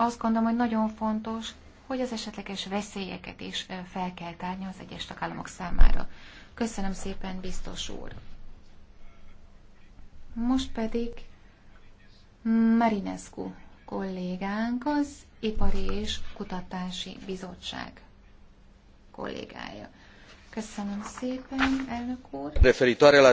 Azt gondolom, hogy nagyon fontos, hogy az esetleges veszélyeket is fel kell tárni az egyes tagállamok számára. Köszönöm szépen, biztos úr! Most pedig Marinescu kollégánk az Ipari és Kutatási Bizottság kollégája. Köszönöm szépen, elnök úr!